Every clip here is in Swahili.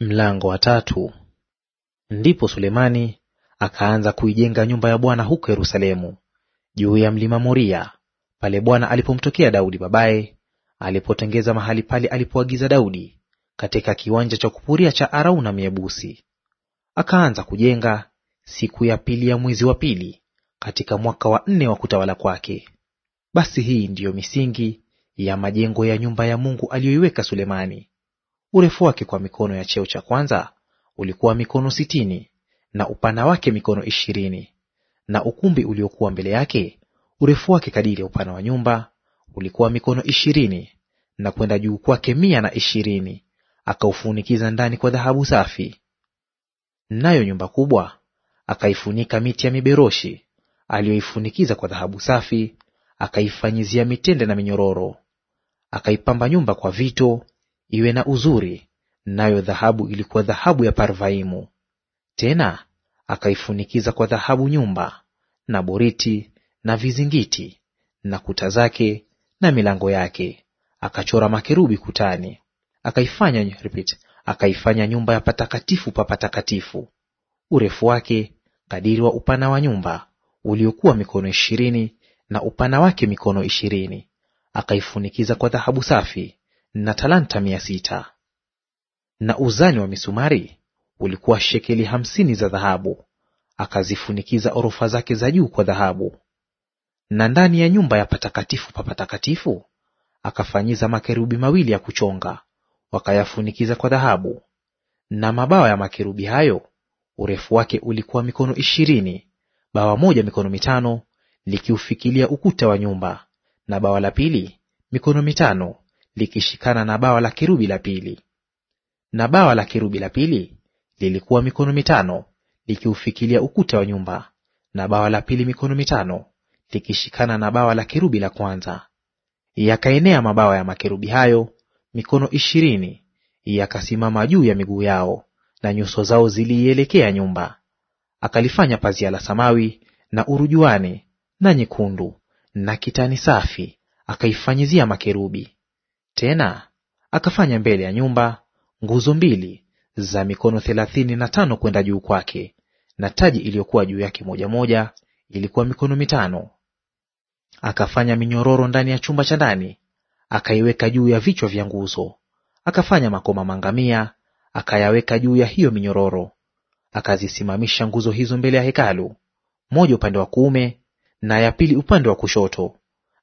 Mlango wa tatu. Ndipo Sulemani akaanza kuijenga nyumba ya Bwana huko Yerusalemu juu ya mlima Moria, pale Bwana alipomtokea Daudi babaye, alipotengeza mahali pale alipoagiza Daudi, katika kiwanja cha kupuria cha Arauna Myebusi. Akaanza kujenga siku ya pili ya mwezi wa pili katika mwaka wa nne wa kutawala kwake. Basi hii ndiyo misingi ya majengo ya nyumba ya Mungu aliyoiweka Sulemani Urefu wake kwa mikono ya cheo cha kwanza ulikuwa mikono sitini na upana wake mikono ishirini na ukumbi uliokuwa mbele yake urefu wake kadiri ya upana wa nyumba ulikuwa mikono ishirini na kwenda juu kwake mia na ishirini. Akaufunikiza ndani kwa dhahabu safi. Nayo nyumba kubwa akaifunika miti ya miberoshi aliyoifunikiza kwa dhahabu safi, akaifanyizia mitende na minyororo. Akaipamba nyumba kwa vito iwe na uzuri, nayo dhahabu ilikuwa dhahabu ya Parvaimu. Tena akaifunikiza kwa dhahabu nyumba na boriti na vizingiti na kuta zake na milango yake. Akachora makerubi kutani. Akaifanya, repeat, akaifanya nyumba ya patakatifu pa patakatifu, urefu wake kadiri wa upana wa nyumba uliokuwa mikono ishirini na upana wake mikono ishirini. Akaifunikiza kwa dhahabu safi na talanta mia sita. Na uzani wa misumari ulikuwa shekeli hamsini za dhahabu. Akazifunikiza orofa zake za juu kwa dhahabu. Na ndani ya nyumba ya patakatifu pa patakatifu akafanyiza makerubi mawili ya kuchonga, wakayafunikiza kwa dhahabu. Na mabawa ya makerubi hayo urefu wake ulikuwa mikono ishirini, bawa moja mikono mitano likiufikilia ukuta wa nyumba, na bawa la pili mikono mitano likishikana na bawa la kerubi la pili. Na bawa la kirubi la pili lilikuwa mikono mitano likiufikilia ukuta wa nyumba, na bawa la pili mikono mitano likishikana na bawa la kerubi la kwanza. Yakaenea mabawa ya makerubi hayo mikono ishirini, yakasimama juu ya miguu yao, na nyuso zao ziliielekea nyumba. Akalifanya pazia la samawi na urujuani na nyekundu na kitani safi, akaifanyizia makerubi. Tena akafanya mbele ya nyumba nguzo mbili za mikono thelathini na tano kwenda juu kwake, na taji iliyokuwa juu yake moja moja ilikuwa mikono mitano. Akafanya minyororo ndani ya chumba cha ndani, akaiweka juu ya vichwa vya nguzo. Akafanya makoma mangamia, akayaweka juu ya hiyo minyororo. Akazisimamisha nguzo hizo mbele ya hekalu, moja upande wa kuume na ya pili upande wa kushoto.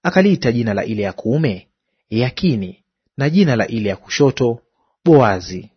Akaliita jina la ile ya kuume Yakini, na jina la ile ya kushoto Boazi.